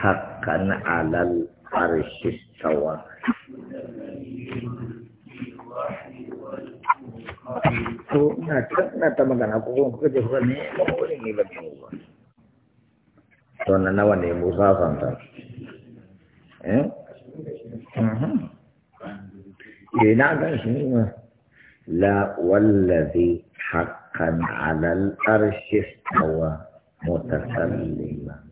حقاً على الأرش السوى لا والذي حقا على الأرش استوى متسلماً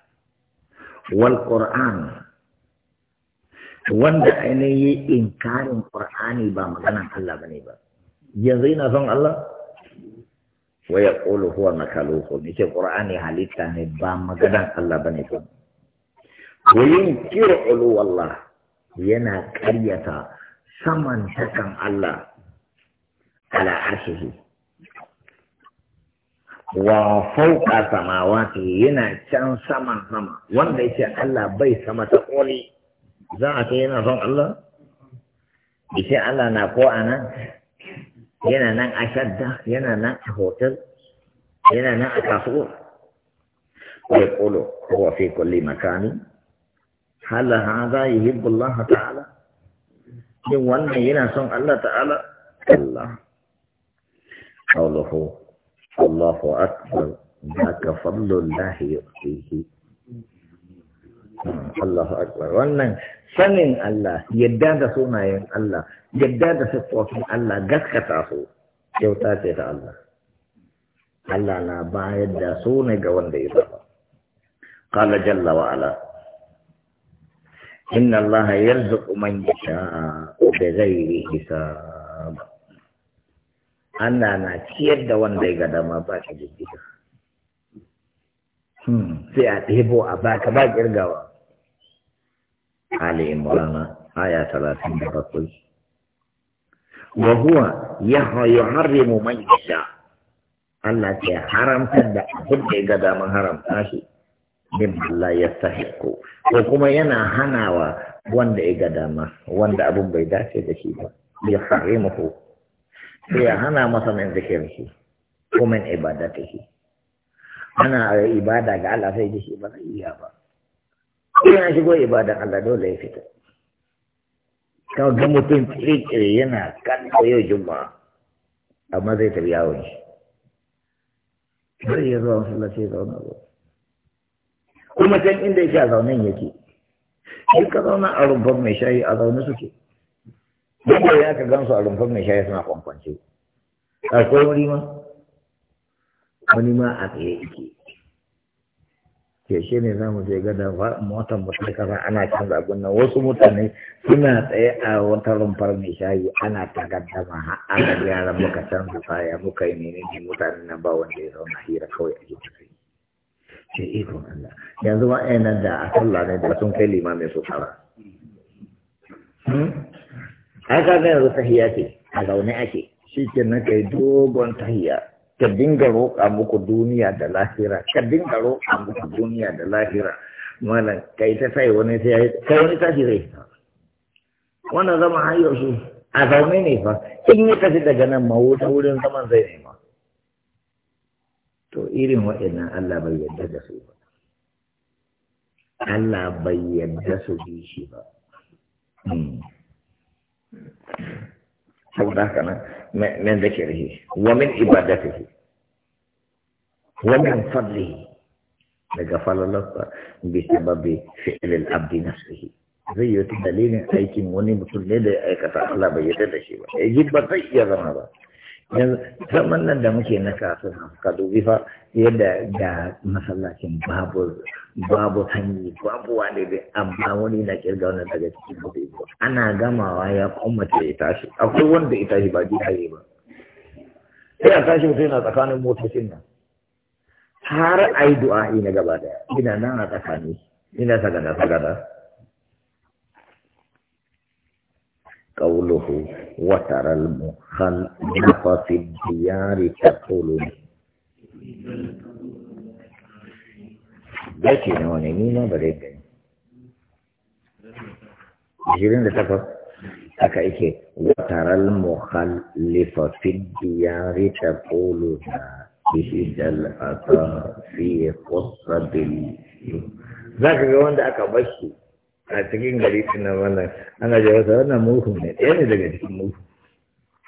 wal qur'an wanda ainihin inkarin qur'ani ba maganan Allah bane ba yanzu ina son Allah wa yaqulu huwa makaluhu yace qur'ani halitta ne ba maganan Allah bane ba wa yunkiru ulu wallah yana karyata saman takan Allah ala arshihi wa fauka samawati yana can saman sama wanda yake Allah bai sama ta koli za a ce yana son Allah yace Allah na ko ana yana nan a shadda yana nan a hotel yana nan a kasuwa wai kolo huwa fi kulli makani hal hadha yuhibbu Allah ta'ala shin wannan yana son Allah ta'ala Allah qawluhu Allahu hmm, wannan sanin Allah yadda da sunayen Allah yadda da siffofin Allah gaskata su kyauta ce ta Allah Allah na bayar da suna ga wanda ya saba قال جل وعلا إن الله يرزق من يشاء بغير حساب Allah na ciyar da wanda ya gada ma ba ka jijjiga hmm, sai a ɗebo a baka ba ƙirgawa Ali Imrana aya 37 wa huwa yuharrimu man yasha Allah ke haramtar da abin da ya ga daman haramta shi mimma la yastahiqu ko kuma yana hanawa wanda ya gada ma, wanda abin bai dace da shi ba ko. sai ya hana masa min shi. ko min ibadatihi ana ibada ga Allah sai shi ba zai iya ba eh, ya shigo ibada Allah dole ya fita ka ga mutum kirkire yana kan yau juma amma zai tafi yawon shi zai iya zuwa masallaci zauna ba kuma can inda yake a zaunen yake shi ka zauna a rumfar mai shayi a zaune suke Duk ya ka gansu a rumfar mai shayi suna kwankwance. Akwai wani ma? Wani ma a tsaye Ke shi ne za mu je gada motar mutum kaza ana canza abin nan wasu mutane suna tsaye a wata rumfar mai shayi ana ta gaddama har aka gyara muka canza baya muka yi ne mutane nan ba wanda ya zauna hira kawai a jikin kai. ce ikon Allah yanzu ma ɗaya nan da a sallah ne da sun kai limamin su fara hmm? haka zai yanzu tahiya ce a zaune ake shi ke nan kai dogon tahiya ka dinga roƙa muku duniya da lahira ka dinga roƙa muku duniya da lahira malam kai ta sai wani sai kai wani tashi zai wannan zama har a zaune ne fa in yi tafi daga nan ma wuta wurin zaman zai ma to irin waɗannan Allah bai yarda da su ba Allah bai yarda su bi shi ba hmm. saboda haka nan min wa min ibadatihi wa min fadlihi daga falalarsa bi sababi al abdi nafsihi zai yi wata dalilin aikin wani mutum ne da ya aikata Allah bai yarda da shi ba ya ba zai iya zama ba zaman nan da muke na kafin ka dubi fa yadda da masallacin babu babu hanyi babu wani da amma wani na kirga wani daga cikin mutu ana gamawa ya ce ya tashi akwai wanda ya tashi ba jikaye ba sai a tashi mutum yana tsakanin motocin nan har a yi du'a'i na gaba daya ina nan a tsakani ina sagada sagada قوله وترى المخلف في الديار تقول بيتي نوني مينا بريد جيرين لتفر أكا إيكي وترى المخلف في الديار تقول إحدى الأطراف في قصة ذاك اليوم ده أكا بشي a cikin gari na wannan ana jawasa wannan muhu ne ɗaya ne daga cikin muhu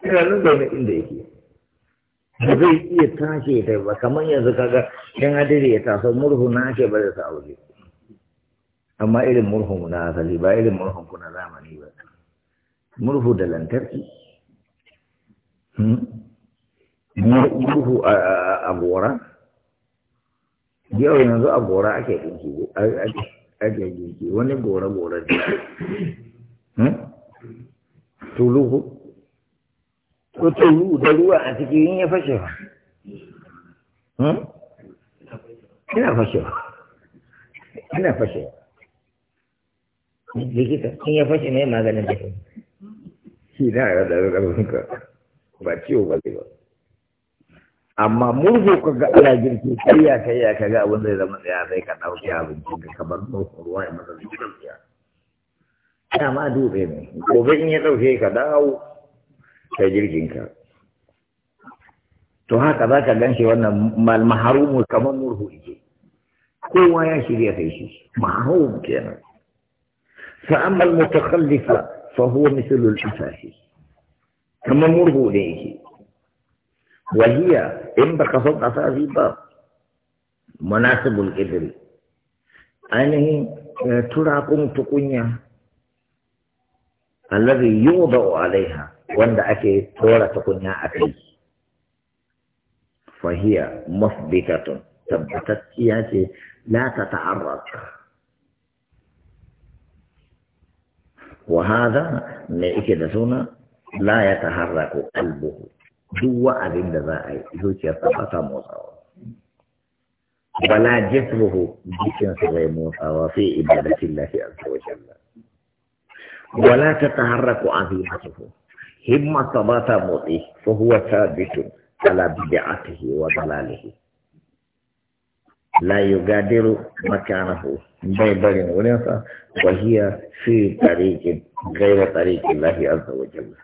ina nan zaune inda yake ba zai iya tashi ta ba kamar yanzu kaga yan hadiri ya taso murhu na ake ba da sa aure amma irin murhun na asali ba irin murhun kuna zamani ba murhu da lantarki hmm? murhu a gora yau yanzu a gora ake ɗinki agagege wani gore-gore ne hmm? tuluhu ko tulu da ruwa a cikin yin ya fashe ba ina hmm? fashe ba ina fashe ba likita in ya fashe ne maganin da shi na yadda ya ƙarfinka ba ciwo ba zai ba amma mugu ka ga ala girki kai ya kai ya kaga abin zai zama tsaya sai ka dauki abin ka ka kamar dauko ruwa ya masa zuwa tsaya ya ma dube ne gobe in ya dauke ka dawo kai jirgin ka to haka za ka ganshi wannan maharumu kamar murhu ike kowa ya shirya kai shi maharumu kenan فأما المتخلف فهو مثل kamar murhu ne yake. وهي إن بقصد أساسي باب مناسب الابل القدر ترى آه، تراكم تكونيا الذي يوضع عليها وانت أكي ترى تكونيا أكي فهي مثبتة تبتتية لا تتعرض وهذا ما إكدسون لا يتحرك قلبه duk wa'azin da za a yi zuciyarsa ba ta motsawa wala jisruhu jikinsa bai motsawa sai ibadatin lahi azza wa jalla wala ta tataharraku azimatuhu himmasa ba ta motsi fa huwa sabitu ala bid'atihi wa dalalihi la yugadiru makanahu bai barin wurinsa wa hiya fi tariqin ghayra tariqin lahi azza wa jalla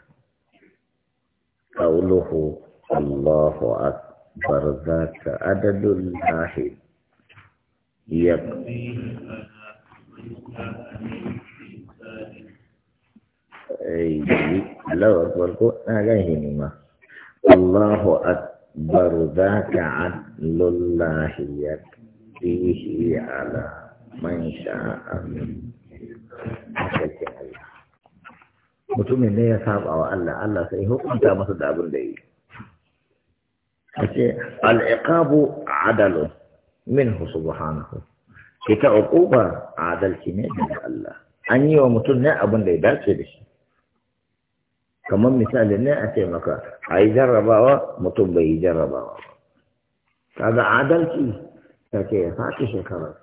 قوله الله أكبر ذاك عدد الله يكفي الله أكبر ذاك عدل الله يكفيه على من شاء منه mutumin ne ya saba wa Allah Allah sai hukunta masa da abin da yi kace al-iqabu adalu minhu subhanahu ita uquba adalci ne daga Allah an yi wa mutum ne abin da ya dace da shi kamar misali ne a ce maka a yi jarrabawa mutum bai yi jarrabawa ba ga adalci ta ya faɗi shekarar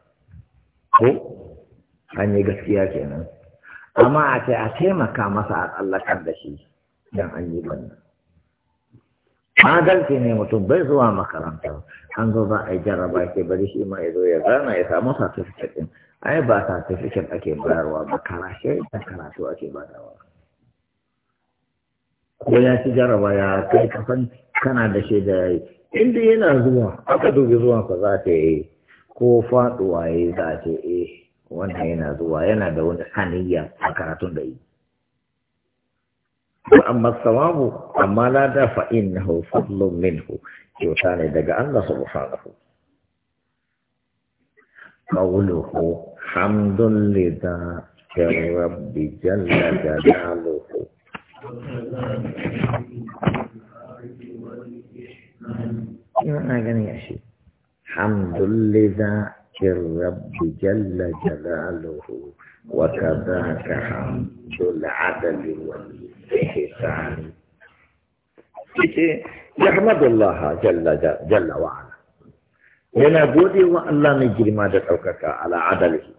ko an yi gaskiya kenan amma a ce a taimaka masa a tsallakar da shi don an yi wannan Maganci ne mutum bai zuwa makaranta an zo za a yi jarraba ke bari shi ma ya zo ya zana ya samu satifiket ɗin ai ba satifiket ake bayarwa ba karashe da karatu ake badawa ko ya ci jarraba ya kai kafan kana da shi da yayi inda yana zuwa aka dubi zuwansa za ta yi ko faduwa ya yi za ta yi eh. wannan yana zuwa yana da wani haniya a karatun da yi amma sawabu amma la da fa innahu fadlun minhu kyauta ne daga Allah subhanahu qawluhu hamdun lidha rabbi jalla jalaluhu Ina gani ya shi, Hamdulillah الرب جل جلاله وكذاك حمد العدل والإحسان يحمد الله جل جل وعلا yana gode wa Allah mai girma da ɗaukaka ala adalci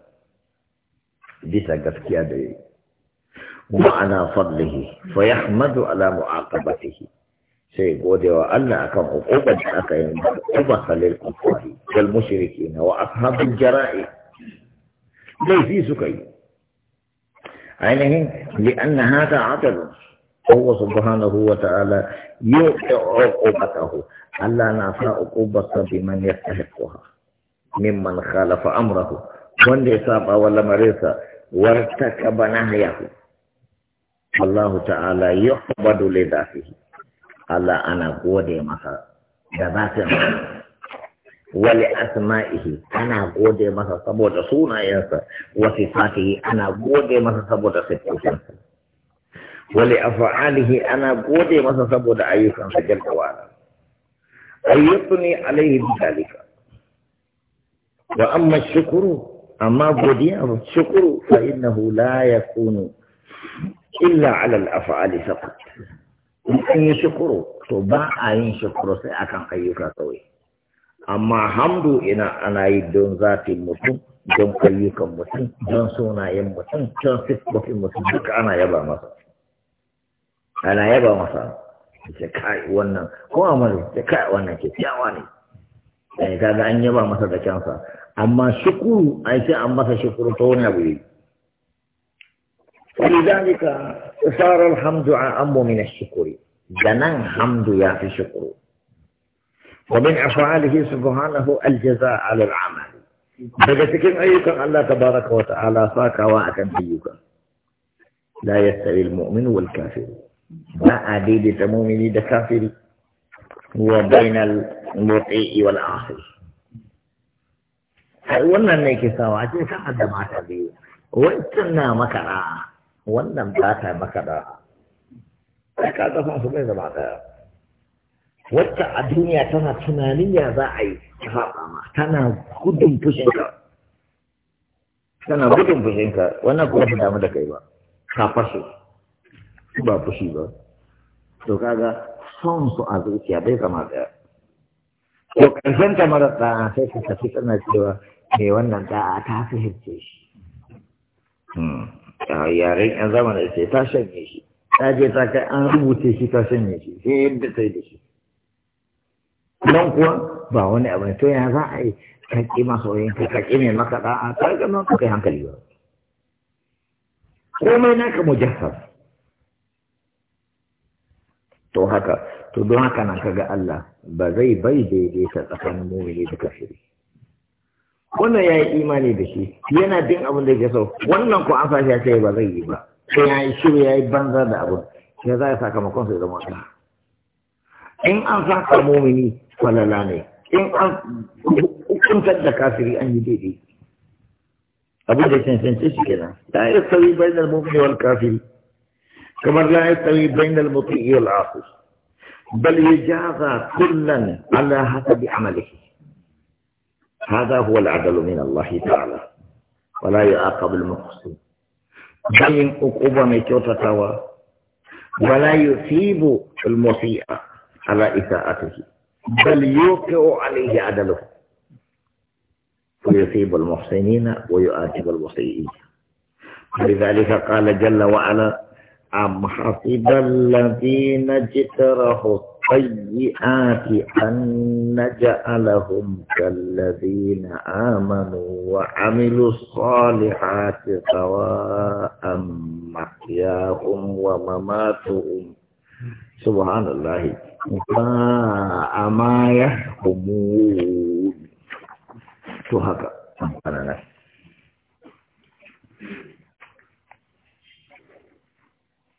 bisa gaskiya da yi ana fadlihi fa yahmadu ala mu'aqabatihi sai gode wa Allah akan hukumar da aka yi kuma halil kufari wal mushriki na wa ashabul jara'i dai fi suka yi ainihin li anna hada subhanahu wa adalun هو سبحانه وتعالى يوقع عقوبته ألا نعفى عقوبة بمن يستحقها ممن خالف أمره من يصاب ولا مريض وارتكب نهيه الله تعالى يحمد لذاته Allah ana gode masa da ba zatin wale asma'ihi ana gode masa saboda sunayensa wasu sifatihi ana gode masa saboda sifofinsa wale af'alihi ana gode masa saboda ayyukansa jalla wa ala ayyukuni alaihi bidalika wa amma shukuru amma godiya shukuru fa innahu la yakunu illa ala al-af'ali faqat in yi shukuru to ba a yin shukuru sai akan ayyuka kawai amma hamdu ina ana yi don zafin mutum don ayyukan mutum don sunayen mutum don sifofin mutum duka ana yaba masa ana yaba masa ce kai wannan ko amal ce kai wannan ke kyawa ne eh kaga an yaba masa da kyansa. amma shukuru ai sai an masa shukuru ta wani abu ولذلك صار الحمد أعم من الشكر جنان حمد يا في شكر ومن أفعاله سبحانه الجزاء على العمل بجتكم أيك الله تبارك وتعالى فاك واعكم فيك لا يستوي المؤمن والكافر ما أديد تمومني دكافر وبين المطيع والعاصي wannan ne ke sawa ما cikin kan da mata biyu wancan na wannan ba ta maka da sai ka zama su bai zama daya wacce a duniya tana tunanin ya za a yi ta ma tana gudun fushinka tana gudun fushinka wannan kuma ta damu da kai ba ka fashe ba fushi ba to kaga son su a zuciya bai zama daya to ƙarshen ta mara ɗaya sai ka tafi tana cewa me wannan ɗaya ta fahimce shi hmm. yaren yan zamanin ce ta shanye shi ta je ta kai an rubuce shi ta shanye shi sai yadda sai da shi nan kuwa ba wani abu ne to ya za a yi ka ƙi ka ka ƙi mai maka da'a ta ga nan ka kai hankali ba komai naka mujassar to haka to don haka nan kaga Allah ba zai bai daidaita tsakanin mumini da kafiri wannan ya yi imani da shi yana bin abin da ke so wannan ko an sashi ya ce ba zai yi ba sai ya yi shiru ya yi banza da abin sai za a sakamakon sai zama wata in an saka mumini falala ne in an hukuntar da kafiri an yi daidai abin da cancance shi kenan la ya sauyi da mumini wal kafiri kamar la ya sauyi da mutu'i iya asus bal Allah ya ala hasabi amalihi هذا هو العدل من الله تعالى ولا يعاقب المحسن بين عقوبة توا ولا يثيب المسيء على إساءته بل يوقع عليه عدله ويثيب المحسنين ويؤاتب المسيئين لذلك قال جل وعلا أم حسب الذين اجترحوا السيئات أن نجعلهم كالذين آمنوا وعملوا الصالحات سواء محياهم ومماتهم سبحان الله ساء ما يحكمون شو هكا